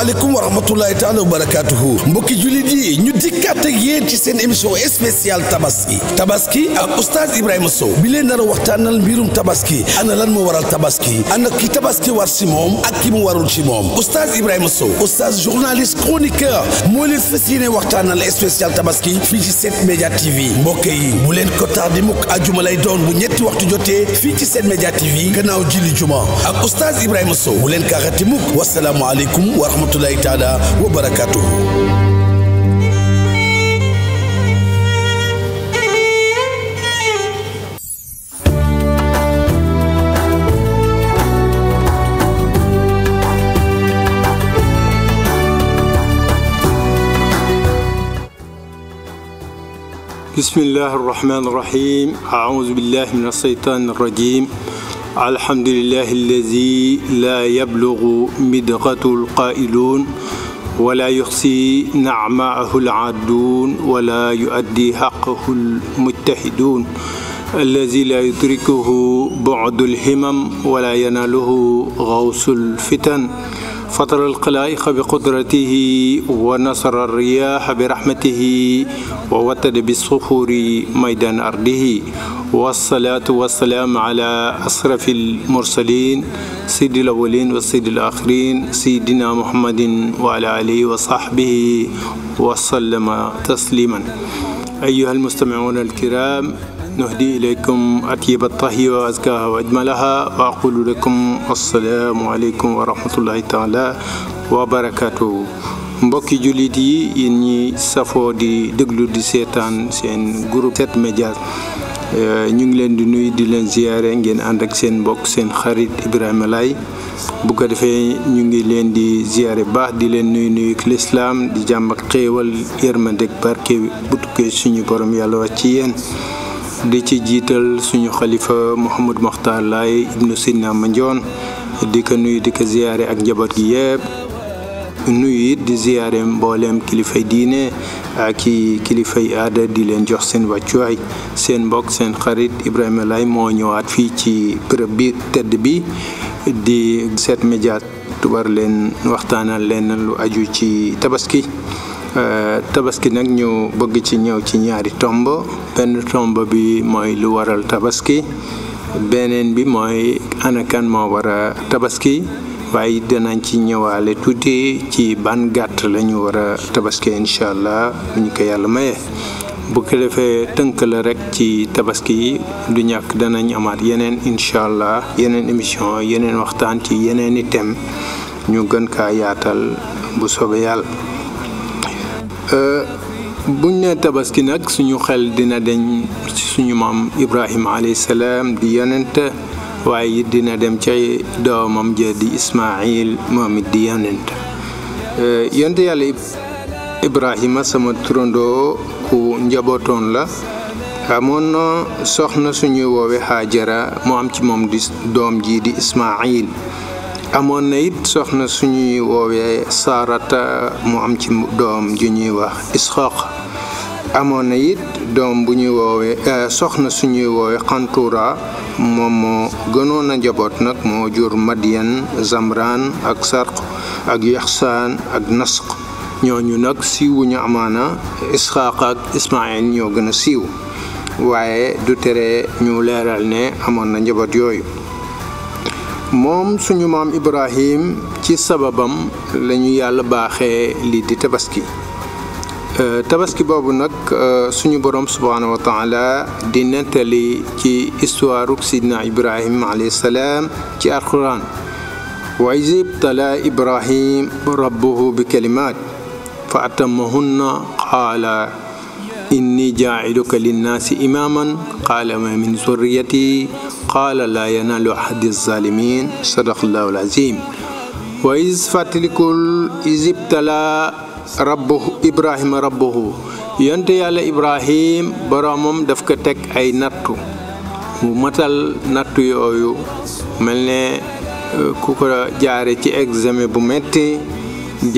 asalaamaaleykum wa rahmatullahi taala wa barakatuhu mbokki jullit yi ñu dikkaat ak yéen ci seen émission spéciale tabaski tabaski ak oustaz Ibrahima Sow bi leen nar a waxtaanal mbirum tabaski ana lan moo waral tabaski ana ki tabaski war si moom ak ki mu warul ci moom oustaz Ibrahima Sow oustaz journaliste chroniqueur moo leen fas yéene waxtaanal spécial tabaski fii ci 7media TV mbokk yi bu leen ko tardé mukk ajuma lay doon bu ñetti waxtu jotee fii ci 7media TV gannaaw jili juma ak oustaz Ibrahima Sow leen ko warahmatullahi taala تعالى بسم الله الرحمن الرحيم أعوذ بالله من الشيطان الرجيم الحمد لله الذي لا يبلغ مدغة القائلون ولا يحصي نعمه العادون ولا يؤدي حقه المتحدون الذي لا يدركه بعد الهمم ولا يناله غوص الفتن فطر القلائق بقدرته ونصر الرياح برحمته ووتد بالصخور ميدان أرضه والصلاة والسلام على أسرف المرسلين سيد الأولين وسيد الآخرين سيدنا محمد وعلى آله وصحبه وسلم تسليما أيها المستمعون الكرام نهدي إليكم أطيب الطهي وأزكاها وأجملها وأقول لكم السلام عليكم ورحمة الله تعالى وبركاته mbokki jullit yi yéen ñi safoo di déglu di seetaan seen groupe 7 médias ñu ngi leen di nuyu di leen ziyaare ngeen ànd ak seen mbokk seen xarit Ibrahima Laye bu ko defee ñu ngi leen di ziyaare baax di leen nuyu nuyu ak lislaam di jàmm ak xéewal yërmande ak barke bu tukkee suñu borom yàlla wax ci yéen. di ci jiital suñu xalifa Mouhamad Mokhtar Laye ibnu Sinna Mandione di ko nuyu di ko ziyaare ak njaboot gi yëpp nuyu it di ziyaare mbooleem kilifay diine ak i kilifay aada di leen jox seen waccuwaay seen mbokk seen xarit Ibrahima lay moo ñëwaat fii ci bërëb bi tedd bi di seet médiat war leen waxtaanal leen lu aju ci tabaski Euh, tabaski nag ñu bëgg ci ñëw ci ñaari tomb benn tomb bi mooy lu waral tabaski beneen bi mooy anakan moo war a tabaski waaye danañ ci ñëwaale tuuti ci ban gàtt la ñu war a tabaski incha allah bu ko yàlla maye. bu ko defee tënk la rek ci tabaski yi du ñàkk danañ amaat yeneen incha allah yeneen émission yeneen waxtaan ci yeneen i thèmes ñu gën kaa yaatal bu soobee yàlla. Euh, buñ nee tabaski nag suñu xel dina deñ suñu maam Ibrahima alayhi salaam di yonent waaye it dina dem cay doomam ja di Ismaayil moom it di yonent euh, yonent yàlla Ibrahima sama turandoo ku njabootoon la amoon na soxna suñuy woowe Haajara mu am ci moom di doom ji di Ismaayil amoon na it soxna suñuy woowee saarata mu am ci doom ju ñuy wax isxooq amoon na it doom bu ñuy woowee eh, soxna suñuy woowee xantuura moom moo gënoon njaboot nag moo jur madiyan zamran ak sarq ak yaxsaan ak nasq ñooñu nag ñu amaana isxaaq ak ismail ñoo gën a siiw waaye du tere ñu leeral ne amoon na njaboot yooyu moom suñu maam Ibrahim ci sababam lañu yàlla baaxe lii di tabaski euh, tabaski boobu nag euh, suñu boroom subhaanahu wa di nettali ci histoire sidna Ibrahim alayhi salaam ci alquran wa isibtala Ibrahim rabbuhu bi kalimaat fa atammahunna qaala inni jaa'iluka linnaasi imaaman qaala ma min zurriyati qaala laa yanaalu ahadi zalimin sadaqallaahu alazim wa is fàttalikul isibtala rabbuhu ibrahima rabbuhu yonte yàlla ibrahim boromam daf ko teg ay nattu mu matal nattu yooyu mel ne eh, ku ko jaare ci examen bu metti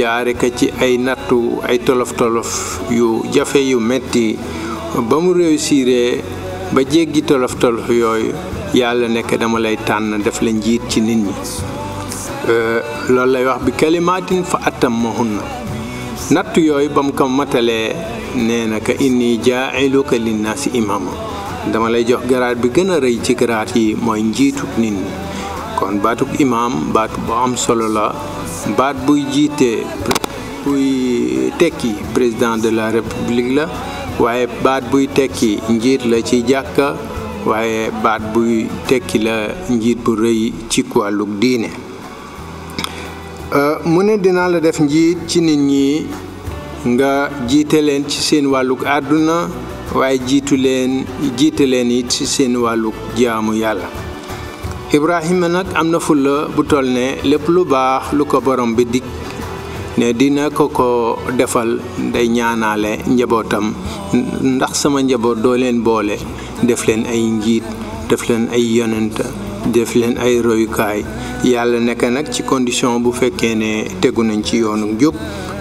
jaare ko ci ay nattu ay tolof tolof yu jafe yu metti ba mu réussiree ba jéggi tolof tolof yooyu yàlla nekk dama lay tànn def la njiit ci nit ñi euh, loolu lay wax bi kalimaatin fa atam ma hunna natt yooyu ba mu ko matalee nee na ka inni jaa'iluka linnaasi imaama dama lay jox garaat bi gën a rëy ci garaat yi mooy njiitu nit ñi kon baatuk imaam baat bu am solo la baat buy jiite buy tekki président de la république la waaye baat buy tekki njiit la ci jàkka waaye baat buy tekki la njiit bu rëy ci wàllu diine euh, mu ne dina la def njiit ci nit ñi nga jiite leen ci seen wàllug àdduna waaye jiitu leen jiite leen it ci seen wàllug jaamu yàlla Ibrahima nag am na fulla bu toll ne lépp lu baax lu ko borom bi dikk ne dina ko ko defal day ñaanaale njabootam ndax sama njaboot doo leen boole def leen ay njiit def leen ay yonanta def leen ay royukaay yàlla nekk nag ci condition bu fekkee ne tegu nañ ci yoonu jub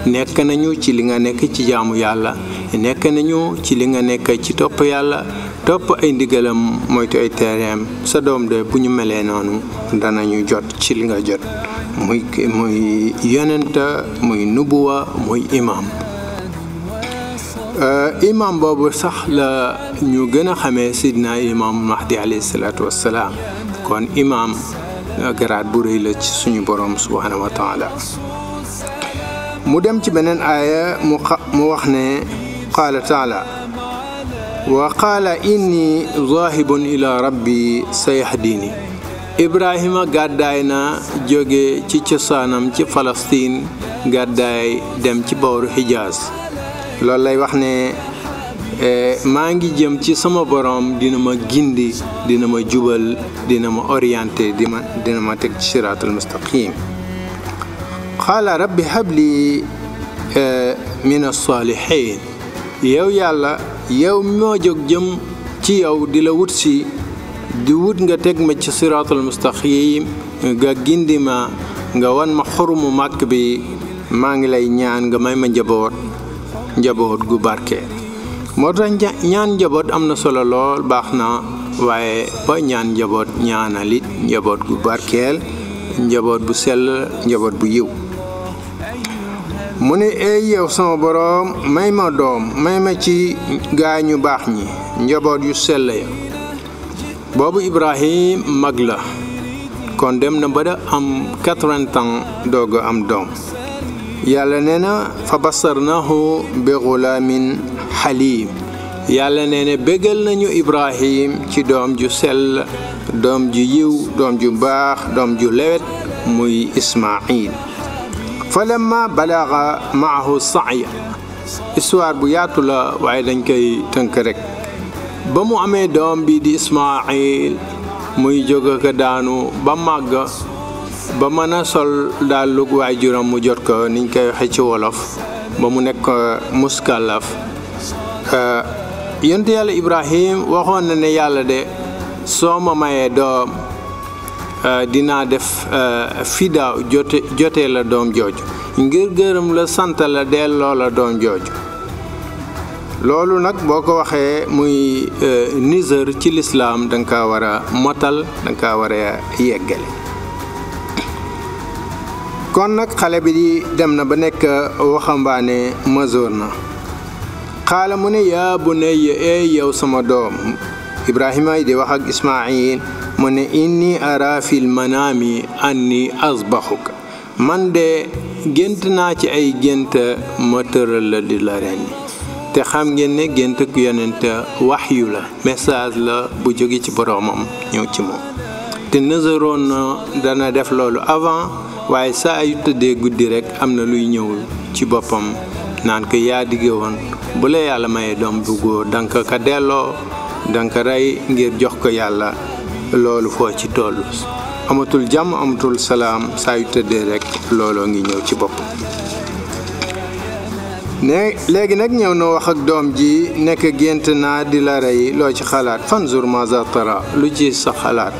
nekk nañu ci li nga nekk ci jaamu yàlla nekk nañu ci li nga nekk ci topp yàlla topp ay ndigalam moytu ay terem sa doom de bu ñu melee noonu danañu jot ci li nga jot muy muy yonenta muy nubuwa muy imam imam boobu sax la ñu gën a xamee sidna imam mahdi alayhi salaatu wassalaam kon imam garaat bu rëy la ci suñu borom subhanahu wa taala mu dem ci beneen aaya mu mu wax ne qaala taala wa qaala inni zaahibun ila rabbi sayahdini ibrahima gàddaay na jóge ci cosaanam ci Palestine gàddaay dem ci booru xijaas loolu lay wax ne e, maa ngi jëm ci sama borom dina ma gindi dina ma jubal dina ma orienté dina ma dina ma teg ci siraatul mustaqim qaala rabbi habli e, min as-salihin yow yàlla yow moo jóg jëm ci yow di la wut si di wut nga teg ma ci siraatul mustaqim nga gindi ma nga wan ma mu màkk bi maa ngi lay ñaan nga may ma njaboot njaboot gu barke moo tax ñaan njaboot am na solo lool baax na waaye ba ñaan njaboot ñaanalit njaboot gu barkeel njaboot bu sell njaboot bu yiw mu ne eey yow sama boroom may ma doom may ma ci gaañu baax ñi njaboot yu sell ya boobu Ibrahim mag la kon dem na ba am quatre-vingts ans doog am doom yàlla nee na fa basarnahu bi gulaamin xaliim yàlla nee na bégal nañu Ibrahim ci doom ju sell doom ju yiw doom ju baax doom ju lewet muy Ismaayil fa lamma balaga maahu saaya histoire bu yaatu la waaye dañ koy tënk rekk ba mu amee doom bi di Ismaayil muy jóg ak daanu ba màgg ba mën a sol dàllug waajuram mu jot ko niñ koy waxee ci wolof ba mu nekk euh, muskalaf euh, yonent yàlla Ibrahim waxoon na ne yàlla de soo ma mayee doom euh, dinaa def fida jote jotee la doom jooju ngir gërëm la sant la delloo la doom jooju loolu nag boo ko waxee muy euh, niseur ci lislaam da nga kaa war a motal da nga kaa yeggale kon nag xale bi di dem na ba nekk waxambaane masoor na xaala mu ne yaa bu ne eey yow sama doom ibrahima yi di wax ak ismail mu ne inni ara fil manaami anni asbaxuka man de gént naa ci ay gént ma tëral la di la ren te xam ngeen ne gént ak yonent waxyu la message la bu jóge ci boroomam ñëw ci moom te nazaroon dana def loolu avant waaye saa yu tëddee guddi rek am na luy ñëw ci boppam naan ko yaa digge woon bu la yàlla maye doom bu góor danga ko delloo danga rey ngir jox ko yàlla loolu foo ci toll amatul jàmm amatul salaam saa tëddee rek looloo ngi ñëw ci boppam ne léegi nag ñëw na wax ak doom ji nekk gént naa di la rey loo ci xalaat fanzur maza tara lu ci sa xalaat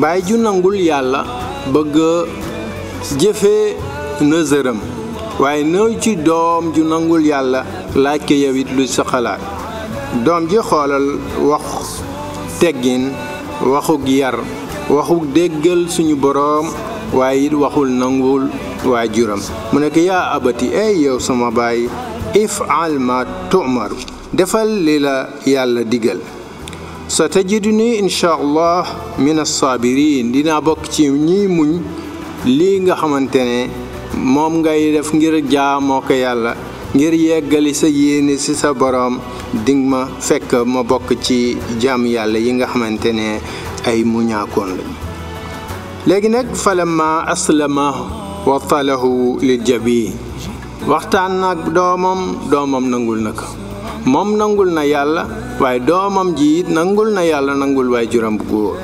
bàyyi ju nangul yàlla bëgg jëfee nëzëram waaye nëw ci doom ju nangul yàlla laaj ko yow it lu sa xalaat doom ji xoolal wax teggin waxuk yar waxuk déggal suñu boroom waaye waxul nangul waajuram mu ne ko yaa abati ey yow sama baay if'al ma tu'mar defal li la yàlla digal sa tajiduni incha allah min assaabirin dina bokk ci ñiy muñ lii nga xamante ne moom ngay def ngir jaamoo yàlla ngir yeggali sa yéen ci sa boroom ding ma fekk ma bokk ci jaam yàlla yi nga xamante ne ay muñaakoon léegi nag falamma aslama wattalahu lil bi waxtaan nag doomam doomam nangul na ko moom nangul na yàlla waaye doomam ji nangul na yàlla nangul waaye juram bu góor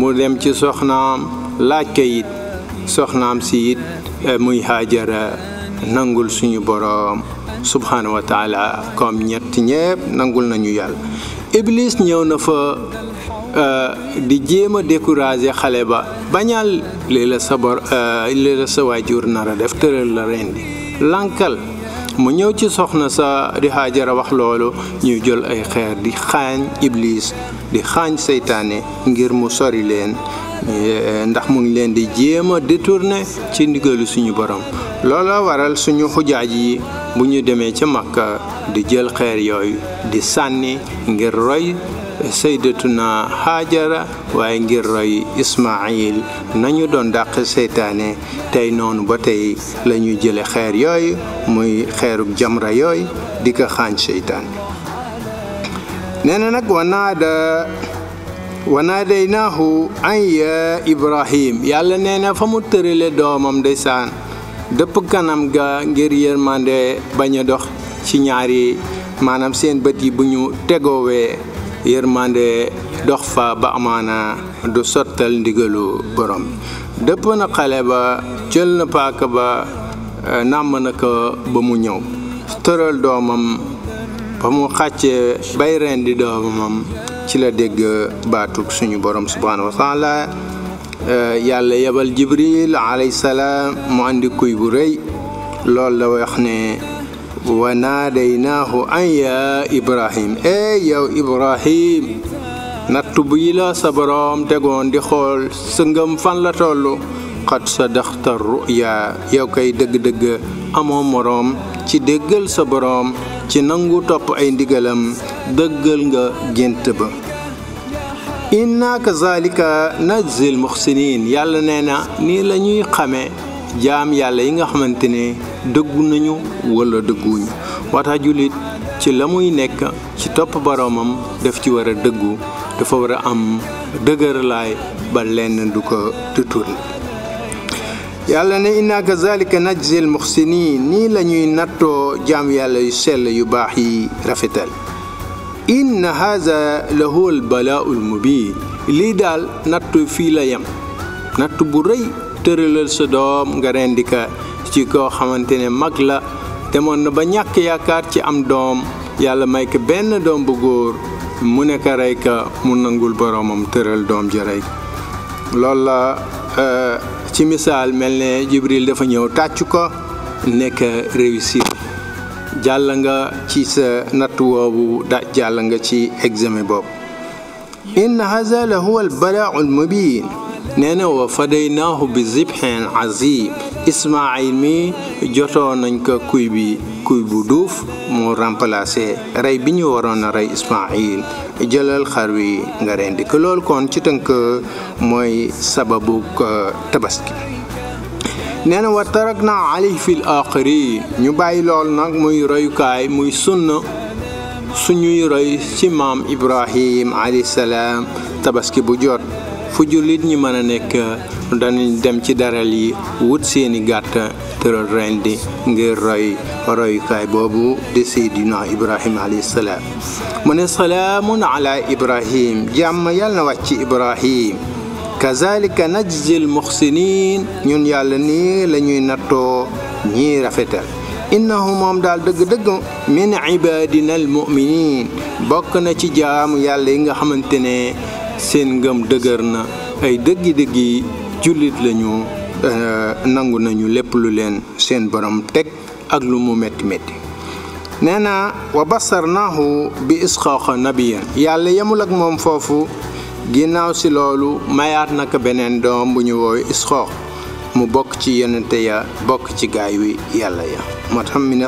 mu dem ci soxnaam laaj ko it soxnaam si eh, muy haajara nangul suñu boroom subhaanahu wa taala comme ñépp nangul nañu yàlla iblis ñëw na fa Euh, di jéem a décourager xale ba bañal lii la sa bor euh, lii la sa waajur nar a def tëral la rendi lankal mu ñëw ci soxna sa di Haajara wax loolu ñuy jël ay xeer di xaañ iblis di xaañ seytaane ngir mu sori leen euh, ndax mu ngi leen di jéem a détourné ci ndigalu suñu borom looloo waral suñu xujaaj yi bu ñu demee ca Makka di jël xeer yooyu di sànni ngir roy na xaajara waaye ngir roy ismail nañu doon dàq seytaane tey noonu ba tey la jële xeer yooyu muy xeerub jamra yooyu di ko xaañ seytaan nee na nag wanaada wanadaynaahu an ya ibrahim yàlla nee na fa mu tërale doomam ndeysaan dëpp kanam ga ngir yërmande bañ a dox ci ñaari maanaam seen bët yi bu ñu tegoowee yërmande dox fa ba amaana du sottal ndigalu borom dëpp na xale ba jël na paaka ba eh, nàmm na ko ba mu ñëw tëral doomam ba mu xàccee bay reen doomam ci la dégg baatug suñu borom subhaanahu wa taala eh, yàlla yebal jibril alayhi salaam mu indi kuy bu rëy loolu la wax ne wa naadaynaahu an yaa ibrahim e yow ibrahim nattu bii la sa boroom tegoon di xool sa ngëm fan la toll xat sa daxta ruya yow koy dëgg-dëgg amoo moroom ci déggal sa boroom ci nangu topp ay ndigalam dëggal nga gént ba inna kazalika najzil muxsinin yàlla nee na nii lañuy ñuy xamee jaam yàlla yi nga xamante ne dëggu nañu walla dëgguñu waata jullit ci la muy nekk ci topp boroomam daf ci war a dëggu dafa war a am dëgërlaay ba lenn du ko tutul yàlla ne inna kazalika najzi al muxsinin nii la ñuy nattoo jaam yàlla yu sell yu baax yi rafetal inna haza la huwa al balaa'ul mubin lii daal natt fii la yem nattu bu rëy tëralal sa doom nga rendi ka ci koo xamante ne mag la te moon na ba ñàkk yaakaar ci am doom yàlla may ko benn doom bu góor mu nekk ka rey ka mu nangul boroomam tëral doom ji rey loolu la euh, ci misaal mel ne Jibril dafa ñëw tàcc ko nekk réussir jàll nga ci sa natt woowu jàll nga ci examen boobu in haza la huwa al balaa'u al nee na wa fadaynaahu bi zibhin azib ismaayil mi jotoon nañ ko kuy bi kuy bu duuf mu remplacé rey bi ñu waroon a rey ismaayil jëlal xar wi nga rendi ko loolu kon ci tënk mooy sababu tabaski nee na wa tarak naa alay fil aaxiri ñu bàyyi lool nag muy royukaay muy sunna suñuy roy ci maam ibrahim alayhi salaam tabaski bu jot fu jullit ñi mën a nekk danañ dem ci daral yi wut seeni gàtt tëral rendi ngir roy royukaay boobu di seydina ibrahim alayhi salaam mu ne salaamun ala ibrahim jàmm yàlla na wàcc ibrahim kazalika najzil muxsinin ñun yàlla nii la ñuy nattoo ñii rafetal innahu moom daal dëgg-dëgg min ibadina al bokk na ci jaamu yàlla yi nga xamante ne seen ngëm dëgër na ay dëggi dëggi jullit lañu euh, nangu nañu lépp lu leen seen borom teg ak lu mu métti métti nee na wa basarnaahu bi isxaaqa nabiyan yàlla yemul ak moom foofu ginnaaw si loolu mayaat naka beneen doom bu ñu woowe isxaax mu bokk ci yonente ya bokk ci gaay wi yàlla ya moo tax min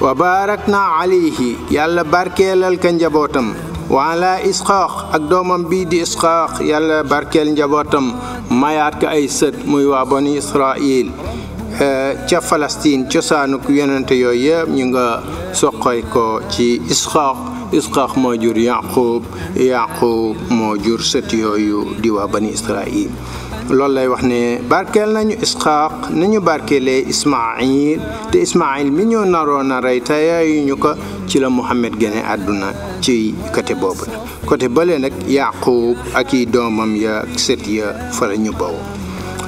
wa barak naa alayhi yàlla barkeelal ka njabootam وعلى إسخاق أقدامهم بيد إسخاق يلا بركل جبرتم ما يارك أي سد ميوا بني إسرائيل تا فلسطين تسا نكوين انت يو يب نيغا سوقاي كو تي إسخاق إسخاق موجور يعقوب يعقوب موجور ست يو يو ديوا بني إسرائيل loolu lay wax ne barkeel nañu isxaaq nañu barkeele barkeelee ismail te ismail mi ñoo naroon a rey tayaayu ñu ko ci la Muhammad gene àdduna ci côté boobu la côté bële nag yaqub ak i doomam ya ak sët ya fa la ñu bawoo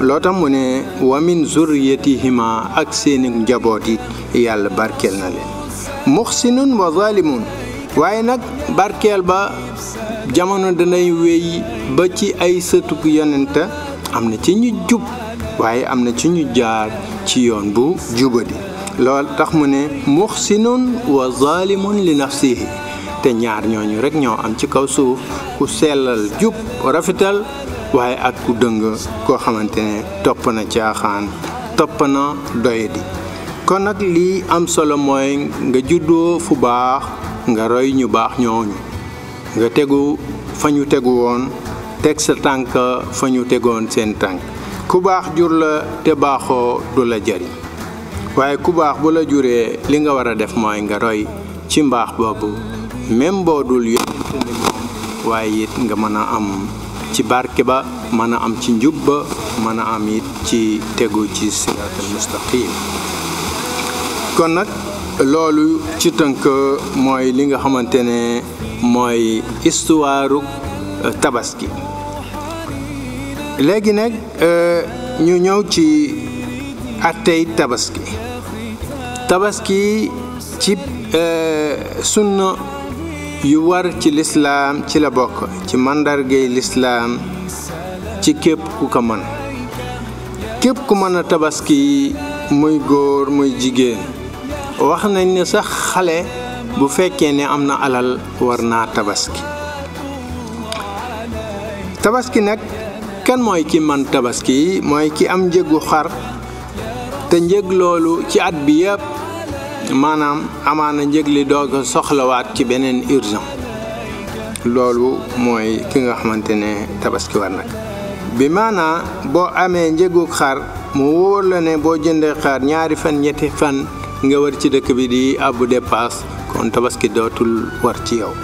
loo tax mu ne wa min zurriyatihima ak seeni njaboot yi yàlla barkeel na leen muxsinun wa zalimun waaye nag barkeel ba jamono danay wéy ba ci ay sëtuk yonenta am na ci ñu jub waaye am na ci ñu jaar ci yoon bu jubadi lool tax mu ne muxsinun wa zalimun li nafsihi te ñaar ñooñu rekk ñoo am ci kaw suuf ku sellal jub rafetal waaye ak ku dëng koo xamante ne topp na caaxaan topp na doyadi kon nag lii am solo mooy nga juddoo fu baax nga roy ñu baax ñooñu nga tegu fa ñu tegu woon teg sa tànk fa ñu tegoon seen tànk ku baax jur la te baaxoo du la jariñ waaye ku baax bu la juree li nga war a def mooy nga roy ci mbaax boobu même boo dul waaye it nga mën a am ci barke ba mën a am ci njub ba mën a am it ci tegu ci siraatal mustaqim kon nag loolu ci tënk mooy li nga xamante ne mooy istuwaaru tabaski léegi nag euh, ñu ñëw ci attey tabaski tabaski ci euh, sunna yu war ci lislaam ci la bokk ci màndargay lislaam ci képp ku ko mën képp ku mën a tabaski muy góor muy jigéen wax nañ ni sax xale bu fekkee ni am na alal war naa tabaski tabaski nag kan mooy ki man tabaski mooy ki am njëgu xar te njëg loolu ci at bi yëpp maanaam amaana njëg li doog a soxlawaat ci beneen urgent loolu mooy ki nga xamante ne tabaski war nag bi maanaa boo amee njëgu xar mu wóor ne boo jëndee xar ñaari fan ñetti fan nga war ci dëkk bi di àbbu depaas kon tabaski dootul war ci yow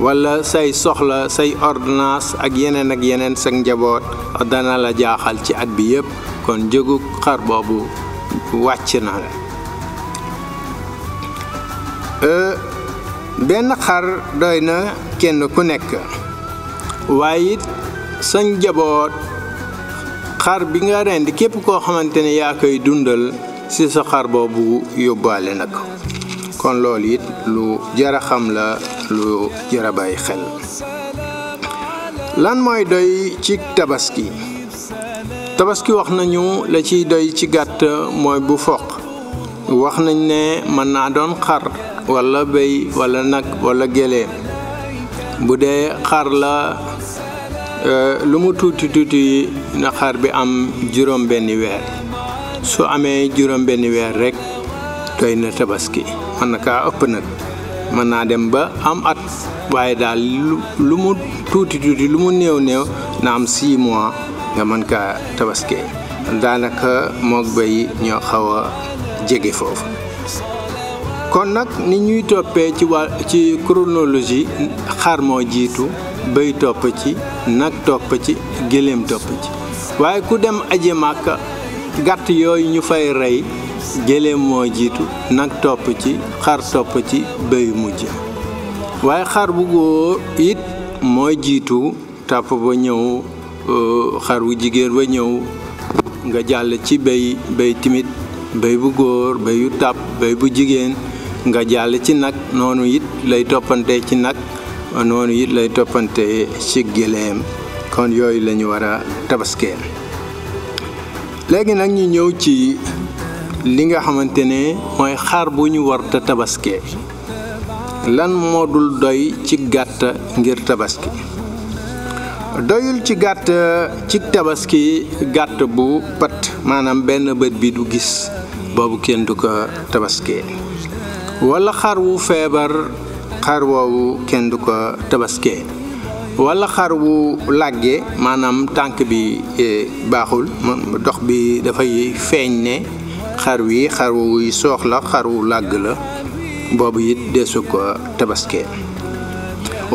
wala say soxla say ordonnance ak yeneen ak yeneen sag njaboot dana la jaaxal ci at bi yépp kon njëgu xar boobu wàcc na la benn xar doy na kenn ku nekk waaye it sa njaboot xar bi nga rend képp koo xamante ne yaa koy dundal ci sa xar boobu yóbbaale na ko kon loolu it lu jara xam la lu jar xel lan mooy doy ci tabaski tabaski wax nañu la ciy doy ci gàtt mooy bu foq wax nañ ne mën naa doon xar wala béy wala nag wala géléem bu dee xar la eh, lu mu tuuti tuuti na xar bi am juróom benni weer su amee juróom benni weer rekk doy na tabaski mën na ëpp nag mën naa dem ba am at waaye daal lu mu tuuti tuuti lu mu néew néew na am 6 mois nga mën kaa tabaskee daanaka moog béy ñoo xaw a jege foofu kon nag ni ñuy toppee ci wàll ci chronologie xar moo jiitu béy topp ci nag topp ci gëléem topp ci waaye ku dem aji gàtt yooyu ñu fay rey gëléem moo jiitu nag topp ci xar topp ci béy mujj waaye xar bu góor it mooy jiitu tàpp ba ñëw euh, xar bu jigéen ba ñëw nga jàll ci béy béy timit béy bu góor béy yu tàpp béy bu jigéen nga jàll ci nag noonu it lay toppante ci nag noonu it lay toppante ci gëléem kon yooyu lañu ñu war a tabaskeel léegi nag ñu ñëw ci li nga xamante ne mooy xar bu ñu war te tabaskee lan moo dul doy ci gàtt ngir tabaski doyul ci gàtt ci tabaski gàtt bu pat maanaam benn bët bi du gis boobu kenn du ko tabaskee wala xar wu feebar xar woowu kenn du ko tabaskee wala xar wu làggee maanaam tànk bi eh, baaxul dox bi dafay feeñ ne xar wi la xar wu la boobu it ko tabaskee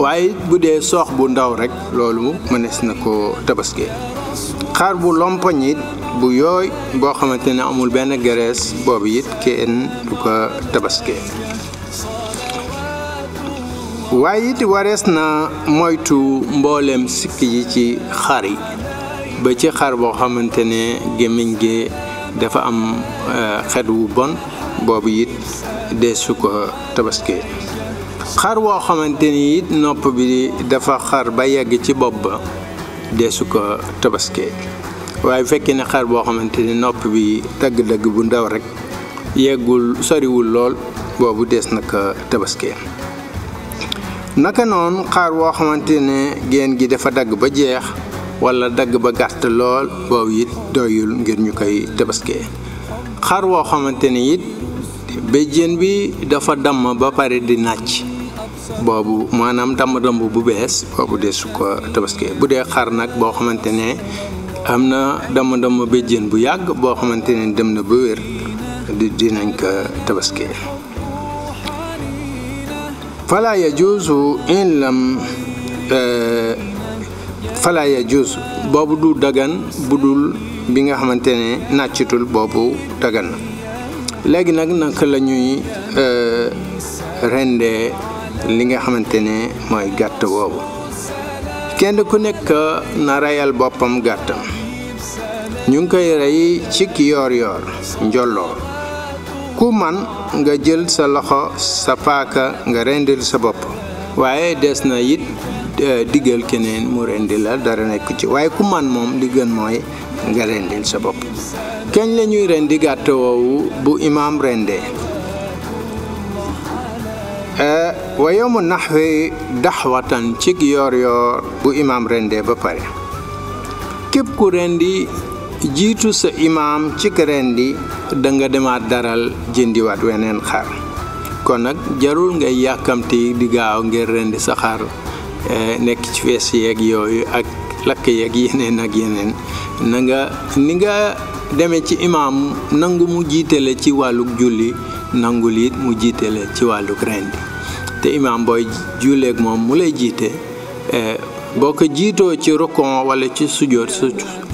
waaye bu dee soox bu ndaw rek loolu mënees na ko tabaskee xar bu lompoñ bu yooy boo xamante ne amul benn gerees boobu it kenn du ko warees na moytu mbooleem sikk yi ci xar yi ba ci xar boo xamante ne gémmiñ gi dafa am euh, xet wu bon boobu it dee su ko tabaskee xar woo xamante ni it nopp bi dafa xar ba yegg ci bopp ba dee su ko tabaskee waaye bu fekkee ne xar boo xamante ne nopp bi dagg-dagg bu ndaw rekk yeggul soriwul lool boobu des na ko tabaskee naka noonu xar woo xamante ne génn gi dafa dagg ba jeex wala dagg ba gàtt lool boobu it doyul ngir ñu koy tabaskee xar woo xamante ni it béjjén bi dafa damm ba pare di nàcc boobu maanaam damm damb bu bees boobu de su ko tabaskee bu dee xar nag boo xamante ne am na damm damm béjjén bu yàgg boo xamante ne dem na ba wér di dinañ ko tabaskee fala yajuuzu in eh, fala yajuus boobu du dagan bu dul bi nga xamante ne nàccitul boobu dagan na léegi nag naka la ñuy euh, rendee li nga xamante ne mooy gàtt boobu kenn ku nekk na reyal boppam gàttam ñu ngi koy rey ci ki yoor yoor njolloor ku man nga jël sa loxo sa paaka nga rendil sa bopp waaye des na it Eh, digel keneen mu rendi la dara nekk ci waaye ku man moom li gën mooy nga rendil sa bopp kañ la ñuy rendi gàtt woowu bu imaam rendee eh, wa yowmu naxwi daxwatan ci yor yor bu Imam rende ba pare képp ku rendi jiitu sa imaam cik rendi da nga demaat daral jëndiwaat weneen xar kon nag jarul nga yàkkamti di gaaw ngir rendi sa xar Eh, nekk ci fees yeeg yooyu ak lakk yeeg yeneen ak yeneen na nga ni nga demee ci imaam nangu mu jiite la ci wàlluk julli nangu it mu jiite la ci wàlluk rendi te imaam booy julleeg moom mu lay jiite eh, boo ko jiitoo ci rokon wala ci sujoot su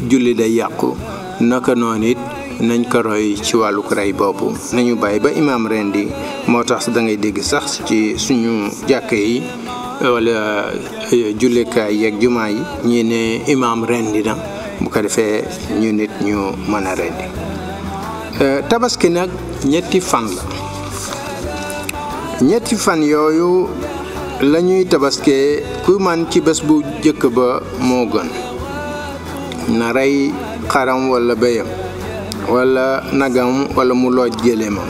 julli day yàqu naka noon it nañ ko roy ci wàlluk rey boobu nañu bàyyi ba imaam rendi moo tax dangay dégg sax ci suñu jàkk yi wala jullikaay yeeg jumaa yi ñii ne imaam rendi na bu ko defee ñu nit ñu mën a rendi euh, tabaski nag ñetti fan la ñetti fan yooyu lañuy ñuy tabaskee ku man ci bés bu jëkk ba moo gën na rey xaram walla béyam wala nagam wala mu looj géléemam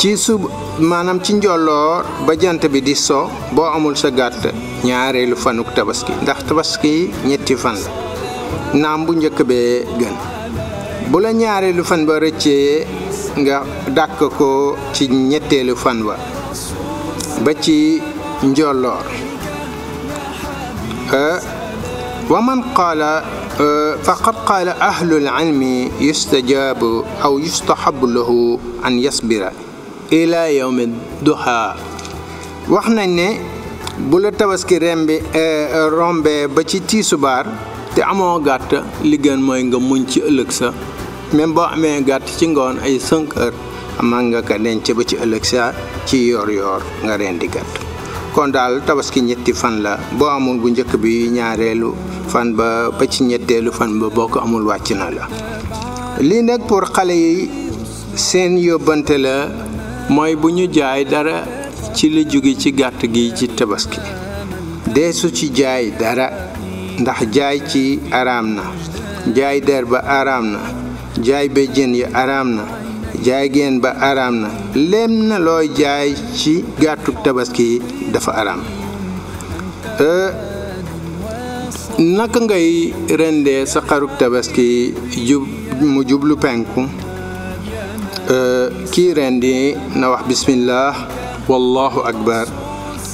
ci sub maanaam ci njolloor ba jant bi di so boo amul sa gàtt ñaareelu fanuk tabaski ndax tabaski ñetti fan la naam bu njëkk bee gën bu la ñaareelu fan ba rëccee nga dàkk ko ci ñetteelu fan ba ba ci njolloor wa man qaala faqad qaala ahlul ilmi yustajabu aw yustahabu lahu an yasbira ila yawmi duha wax nañ ne bu la tabaski rembi eh, rombee ba ci tiisubaar te amoo gàtt li gën mooy nga muñ ci ëllëg sa même boo amee gàtt ci ngoon ay 5 heures aman nga ko denc ba ci ëllëg sa ci yoor yoor nga rendi gàtt kon daal tabaski ñetti fan la boo amul bu njëkk bi ñaareelu fan ba ba ci ñetteelu fan ba boo ko amul wàcc na la lii nag pour xale yi seen yóbbante la mooy bu ñu jaay dara ci li jóge ci gàtt gi ci tabaski deesu ci jaay dara ndax jaay ci araam na jaay der ba araam na jaay béjjén yi araam na jaay geen ba araam na lem na looy jaay ci gàttu tabaski dafa araam naka ngay rendee sa xaruk tabaski mu jublu penku Euh, kii rendi na wax bismillah wallahu akbar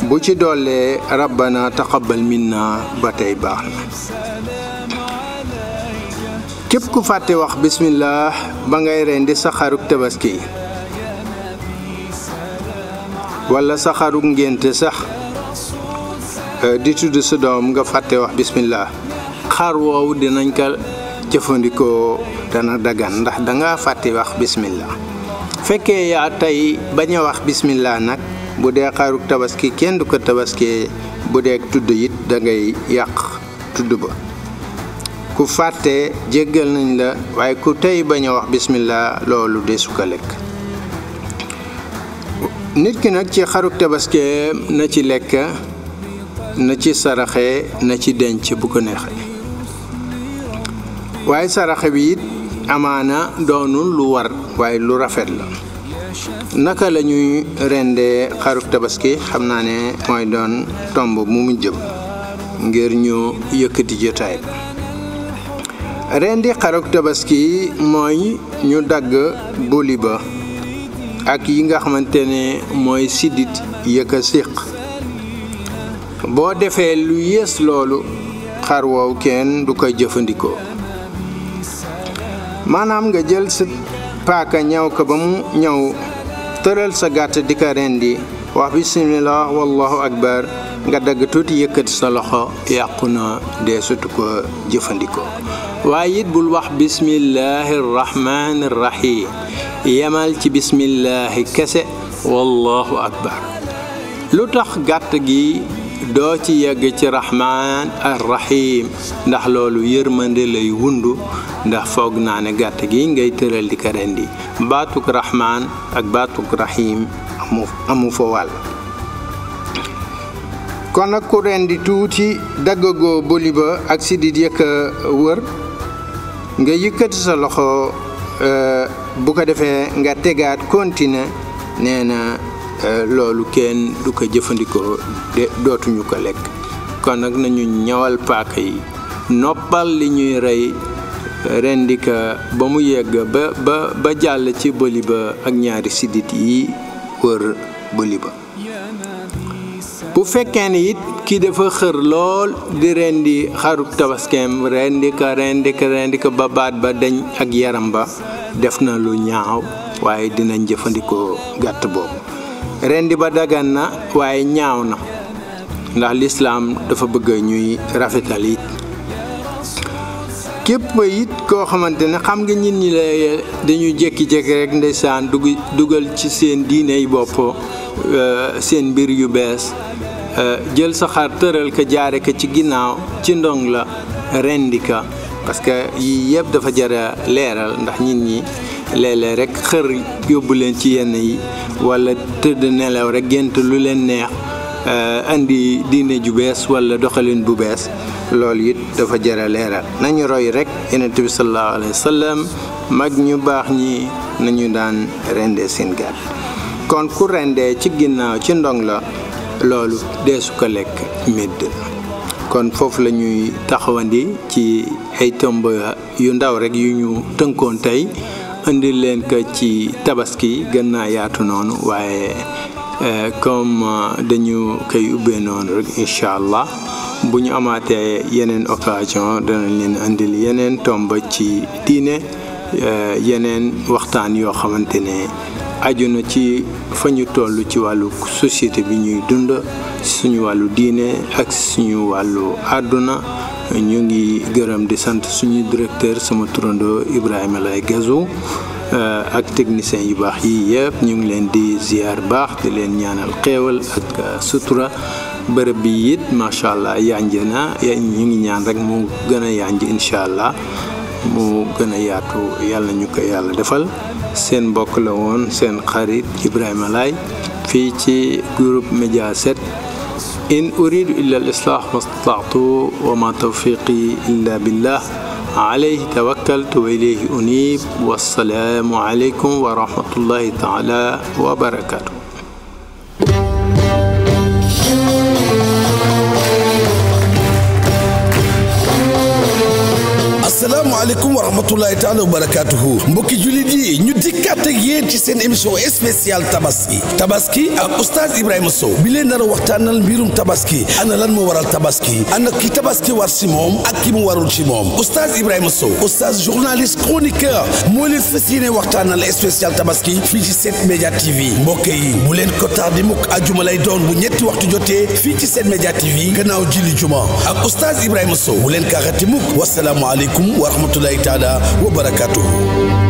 bu ci dollee rabbana taqabbal minna ba tey baax na képp ku fàtte wax bismillah ba ngay rendi sa xaruk tabaski wala sa xaruk ngénte sax euh, di tudd sa doom nga fàtte wax bismillah xar woowu dinañ ko jëfëndiko dana dagan ndax nga fàtte wax bismillah fekkee yaa tey bañ a wax bismillah nag bu dee xaaruk tabaski kenn du ko tabaskee bu dee tudd it da ngay yàq tudd ba ku fàtte jéggal nañ la waaye ku tey bañ wax bismillah loolu desu ko lekk nit ki nag ci xaruk tabaskee na ci lekk na ci saraxee na ci denc bu ko neexee waaye saraxe bi it amaana doonul lu war waaye lu rafet la naka lañuy ñuy rendee xaruf tabaski xam naa ne mooy doon tomb mu mu jëm ngir ñu yëkkati jotaay ba rendi xaruk tabaski mooy ñu dagg buli ba ak yi nga xamante ne mooy sidit yëkka a siq boo defee lu yées loolu xar woow kenn du koy jëfandikoo maanaam nga jël sa paaka ñaw ko ba mu ñaw tëral sa gàtt di ko rendi wax bismillah wallahu akbar nga dagg tuuti yëkkati sa loxo yàqu na dee ko jëfandikoo waaye it bul wax bismillahi rahmani rahim yemal ci bismillahi kese wallahu akbar lu tax gàtt gi doo ci yegg ci rahman ar rahim ndax loolu yërmande lay wundu ndax foog naa ne gàtt gi ngay tëral di ko rendi baatuk rahman ak baatuk rahim amu amu fa wàll kon nag ku rendi tuuti daggagoo boli ba ak sidit yëkk wër nga yëkkati sa loxo euh, bu ko defee nga tegaat kontine nee na Euh, loolu kenn du ko jëfandikoo dootuñu ko lekk kon nag nañu ñawal paaka yi noppal li ñuy rey rendika ba mu yegg ba ba ba jàll ci bëli ba ak ñaari sidit yi wër bëli ba bu fekkee ne it ki dafa xër lool di rendi xarub tabaskeem rendika rendika rendika ba baat ba deñ ak yaram ba def na lu ñaaw waaye dinañ jëfandikoo gàtt boobu rendi ba dagan na waaye ñaaw na ndax lislaam dafa bëgg ñuy rafetal it képp it koo xamante ne xam nga nit ñi la dañuy jékki-jékki rek ndeysaan dugg dugal ci seen diine yi bopp euh, seen mbir yu bees euh, jël sa xar tëral ka jaare ko ci ginnaaw ci ndong la rendi ka parce que yii yëpp dafa jara leeral ndax nit ñi léeg-léeg rek xër yóbbu leen ci yenn yi walla tëdd nelaw rek gént lu leen neex indi eh, diine ju bees wala doxalin bu bees loolu it dafa jëra leeral nañu roy rek yonent bi sallallahu alayhi mag ñu baax ñi nañu daan rendee seen gàtt kon ku rendee ci ginnaaw ci ndong la loolu deesu ko lekk medd kon foofu lañuy taxawandi ci ay tëmb yu ndaw rek yu ñu tënkoon tey indil leen ko ci tabaski gën naa yaatu noonu waaye euh, comme euh, dañu koy ubbee noonu rek incha allah bu ñu amaatee yeneen occasion danañ leen indil yeneen tomb ci diine euh, yeneen waxtaan yoo xamante ne aju na ci fa ñu toll ci wàllu société bi ñuy dund suñu wàllu diine ak suñu wàllu àdduna ñu ngi gërëm di sant suñu directeur sama turandoo Ibrahima Lay Gazo euh, ak techniciens yu baax yi yëpp ñu ngi leen di ziar baax di leen ñaanal xéewal ak euh, sutura bërëb bi it macha allah yanj na ñu ngi ñaan rek mu gën a yanj incha allah mu gën a yaatu yàlla ñu ko yàlla defal seen mbokk la woon seen xarit Ibrahima Lay fii ci groupe Média 7 إن أريد إلا الإصلاح ما استطعت وما توفيقي إلا بالله عليه توكلت وإليه أنيب والسلام عليكم ورحمة الله تعالى وبركاته asalaamaaleykum wa rahmatullahi taala wa barakatuhu mbokki jullit yi ñu dikkaat ak yéen ci seen émission spéciale tabaski tabaski ak oustaz Ibrahima Sow bi leen dara waxtaanal mbirum tabaski ana lan moo waral tabaski ana ki tabaski war si moom ak ki mu warul ci moom oustaz Ibrahima Sow oustaz journaliste chroniqueur moo leen fas yéene waxtaanal spéciale tabaski fii ci 7media TV mbokk yi bu leen ko tardé mukk ajuma lay doon bu ñetti waxtu jotee fii ci 7media TV gannaaw jili juma ak oustaz Ibrahima Sow bu leen ko xati mukk wasalaamualeykum wa wa rahmatullahi taala wa barakatuhu